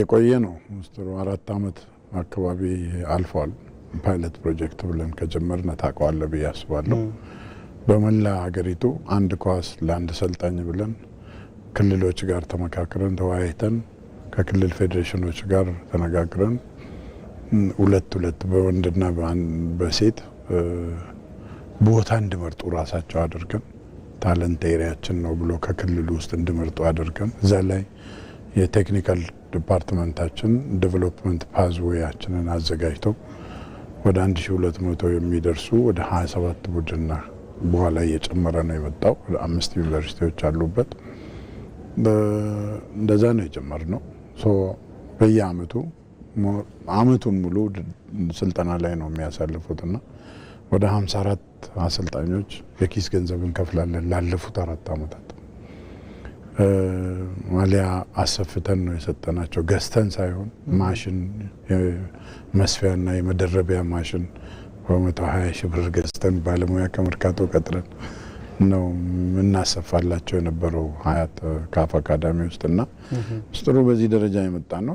የቆየ ነው። ሚኒስትሩ አራት ዓመት አካባቢ አልፏል። ፓይለት ፕሮጀክት ብለን ከጀመርን ታውቀዋለህ ብዬ አስባለሁ። በመላ ሀገሪቱ አንድ ኳስ ለአንድ ሰልጣኝ ብለን ክልሎች ጋር ተመካክረን ተወያይተን ከክልል ፌዴሬሽኖች ጋር ተነጋግረን ሁለት ሁለት በወንድና በሴት ቦታ እንዲመርጡ ራሳቸው አድርገን ታለንት ኤሪያችን ነው ብሎ ከክልሉ ውስጥ እንዲመርጡ አድርገን እዛ ላይ የቴክኒካል ዲፓርትመንታችን ዴቨሎፕመንት ፓዝዌያችንን አዘጋጅቶ ወደ 1200 የሚደርሱ ወደ 27 ቡድና በኋላ እየጨመረ ነው የመጣው። ወደ አምስት ዩኒቨርሲቲዎች አሉበት። እንደዛ ነው የጀመርነው። በየአመቱ አመቱን ሙሉ ስልጠና ላይ ነው የሚያሳልፉትና ወደ 54 አሰልጣኞች የኪስ ገንዘብ እንከፍላለን ላለፉት አራት አመታት ማሊያ አሰፍተን ነው የሰጠናቸው፣ ገዝተን ሳይሆን ማሽን መስፊያና የመደረቢያ ማሽን በመቶ ሀያ ሺህ ብር ገዝተን ባለሙያ ከመርካቶ ቀጥረን ነው የምናሰፋላቸው የነበረው ሀያት ካፍ አካዳሚ ውስጥ እና ምስጢሩ በዚህ ደረጃ የመጣ ነው።